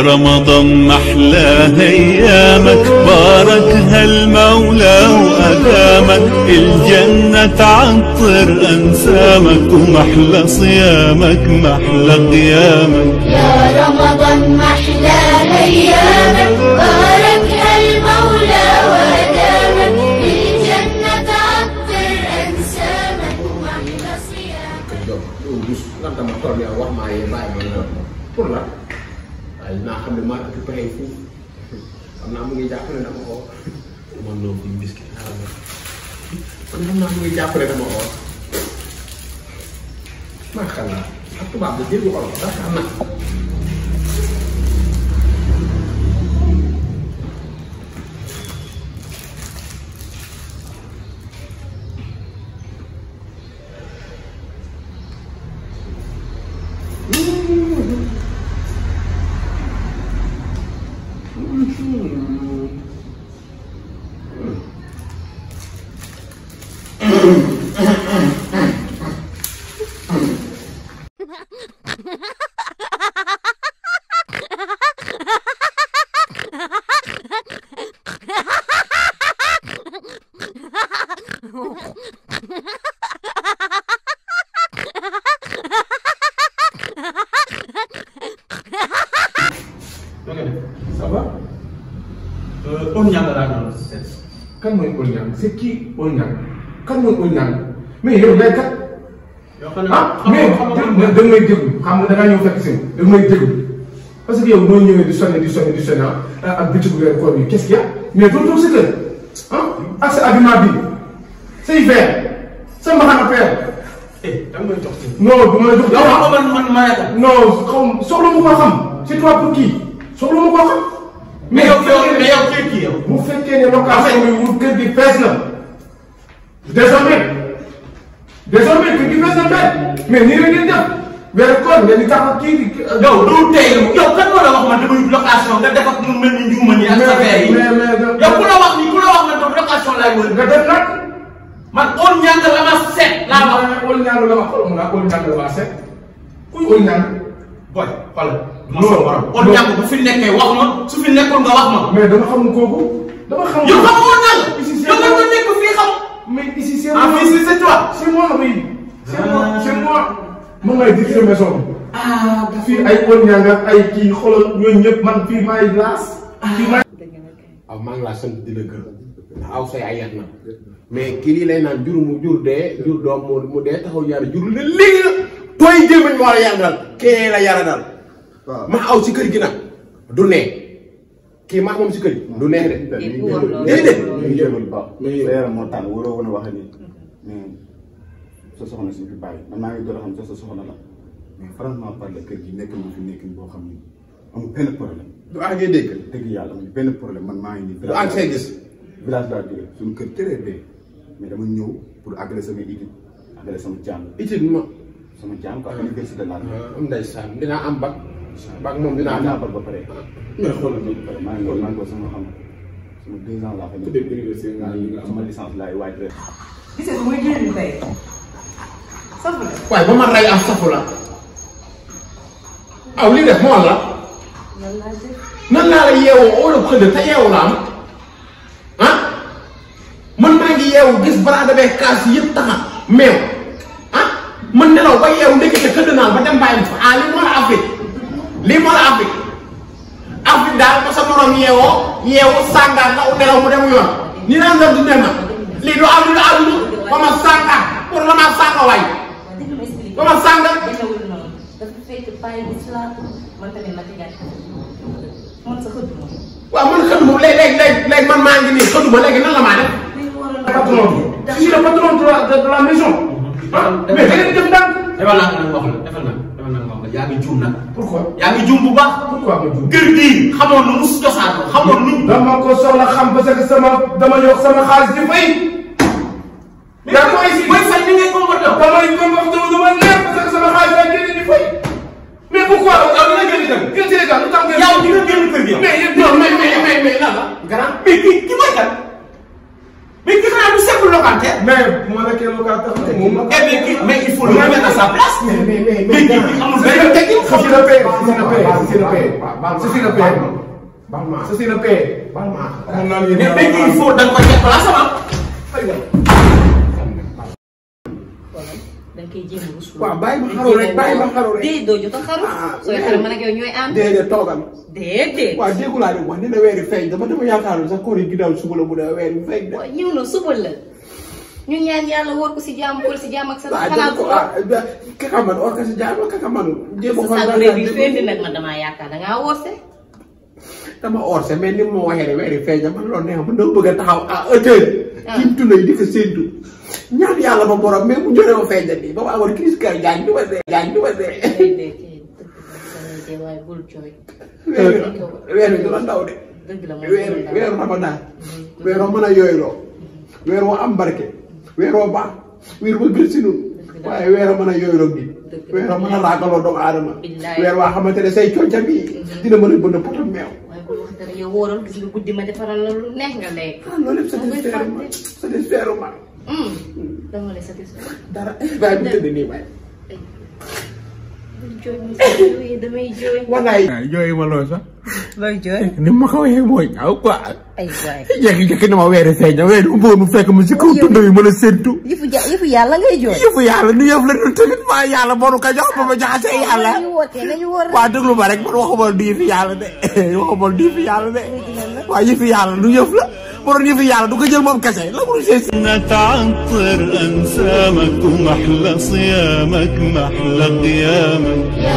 رمضان محلى ايامك بارك هالمولى وادامك الجنة تعطر انسامك ومحلى صيامك محلى قيامك يا رمضان محلى ايامك الجنة تعطر انسامك صيامك كلها waaye dinaa xam ne maa ngi occupé ay fuuf xam naa mu ngi jàppale dama oo man loolu buñ biscuit xaaral ma kon xam naa mu ngi jàppale dama oo macha allah ak tubaab bi dégg olof sax Onyango laa doon seet kan mooy Onyango c'est qui Onyango kan mooy Onyango mais yow day kat. yoo xam ne xam mais da nga may déglu xam nga da ngaa ñëw fekk si da nga may yow noo ñëwee a sonné di sonné di sonné ak bëccëgu weer koor yi quest a doo toog sa kër ak sa habillement bi say verre sa mbaxana affaire. eh da nga may jox ko xam c'est toi pour qui ko xam. mais yow yow mais yow kii kii yow. bu fekkee ne location bi wut kër gi fees na désormais désormais kër gi fees na mais kan moo euh, la wax man damay location nga def ak mu mel ni njuuma nii ak sa verre yi. mais mais mais yow set. laa wax ol ñàng la ma set. kuy ol boy xoolal loolu war kon ñàng bu fi nekkee wax ma su fi nekkul nga wax ma mais dama xam kooku dama xam yow xam woon nal dama ko nekk fii xam mais ici c'est ah, moi ici c'est toi c'est moi oui c'est moi ah. c'est moi ma ngay dir sa maison ah fii ay kon ñàng ak ay kii xolal ñooñu ñëpp man fii maay glace ah. fii maay aw maa ngi laa sant di la gërëm aw say ayat na mais kii lii lay naan jur mu jur dee jur doom mu dee taxaw yar jur ne léegi la tooy jéemañ ma war a yar dal kee la yar dal ma xaw ci kër gi nak du neex ki ma moom ci kër du neex de déedéet yaram moo mo tan woro wona wax ni sa soxna ci fi bàyyi man maa ngi xam sa soxna la mais franchement le kër gi nek ma fi nekkin bo xam ni amul problème du ànd ngay dégg yalla amu ben problème man ma ngi ni du ànd gis village da dire sun kër téré dé mais dama ñëw pour agréé sama itit agréé sama jàng itit ma sama jàng ko ak université laa ndaysan dina am bak baag moom dinaa am ba pare. mais xoolal bi maa ngi maa ngi ko sama xam sama deux ans laa fa nekk. université nga sama licence laay waaj rek. gis nga mooy jëriñu tey safu la. waaye ba ma rey am safu la aw li def moo la. nan laa la yeewoo óolob xëdd te yeewu la am ah man maa ngi yeewu gis baraada bee kaas yëpp taxa meew ah man nelaw ba yeewu ndekete xëdd naa ba dem bàyyi fa ah li moo la Afrique. lii moo la Afrique Afrique daal ba sa morom yeewoo yeewu sàngaan la nelaw mu dem yoon ni naan doon du dem na lii du am du am du ba ma sànga pour la ma sànga waay ba ma sànga waaw man xëduma léegi léegi léegi man maa ngi nii xëduma léegi nan la maa def patron bi fii la patron de la maison ah, mais da ngeen di def ndànk defal naa ko wax la defal naa yaa ngi juum nag. pourquoi yaa ngi juum bu baax. pourquoi ma juum kër gii xamoon na mus cosaan xamoon nu. dama ko soxla xam parce que sama dama yokk sama xaalis di fay. yaa ngi fay si mooy fay ni ngay comporté wu. damay comporté wu dama neex parce que sama xaalis laa génne di fay. mais pourquoi yow dina génn kër gi. kër Sénégal lu tax nga. yow dina génn kër gi. mais yéen mais mais mais mais lan la. grand mais kii. mais bu ma la kii locale tax na. mais il faut le mettre à sa place. mais mais mais mais gars amul benn tekki. xam nga su fekkee su fekkee paie. il faut da nga koy teg place am dañ koy jéem a rusul. waaw bàyyi ma xaru rek bàyyi ma xaru rek. déedéet doo jot a xaru. Ah, sooy xaru man ak yow ñooy am. déedéet toogal. déedéet. waaw déggu laa ne wax dina weeri feeñ dama dama yaakaaroon sax kóor yi ginnaaw suba la bu dee weeri feeñ. waaw ñëw na suba la. ñu ñaan yàlla wóor ko si jàmm wóor si jàmm ak sa xanaa ko ah, ah, ah, ka ka man or ka si jàmm ka ka man jéem a sa gure di fendi nag man damaa yaakaar da ngaa orse dama orse mais ni ma waxee rek weeri feeña man loolu neex man dama bëgg taxaw à hauteur kim tunay di ko séentu ñaan yàlla ba borom mais mu joree ma feeña bi ba ma amoon crise kay gaañ du ma dee gaañ du ma sini waaye bul jooy weeru gi la ndaw de weeru weeru ramadan weeru mën a yooyloo weeru am barke weeroo baax weer ba gën si noonu waaye weeroo mën a yooyroog nit weeroo mën a raagaloo doomu aadama weer waa xamante ne say coñcam yi dina mën a bënn potam meew yow wóoral gis nga guddi ma defaral la lu neex nga lekk ah, loolu yëpp satisfaire hmm. Hmm. bu tëdd nii bàyyi damay jooy jooy ma lool sax looy jooy. ni ma ko waxee mooy ñaaw quoi. ay waay jékki-jékki na ma weeri feeñ na weeri umboon mu fekk ma si kaw tund yi mën a séntu. yëfu ja yëfu yàlla ngay jooy. yëfu yàlla du yëf la ñun tamit maa yàlla bonu ko jox ba ma jaxasee yàlla. waaw déglu la rek man waxuma du yëfi yàlla de waxuma du yëfi yàlla de. waaw yëfi yàlla du yëf la. bu doon yëfi yàlla du ko jël moom kese la mu seesi. نتعطر أنسامك ومحلى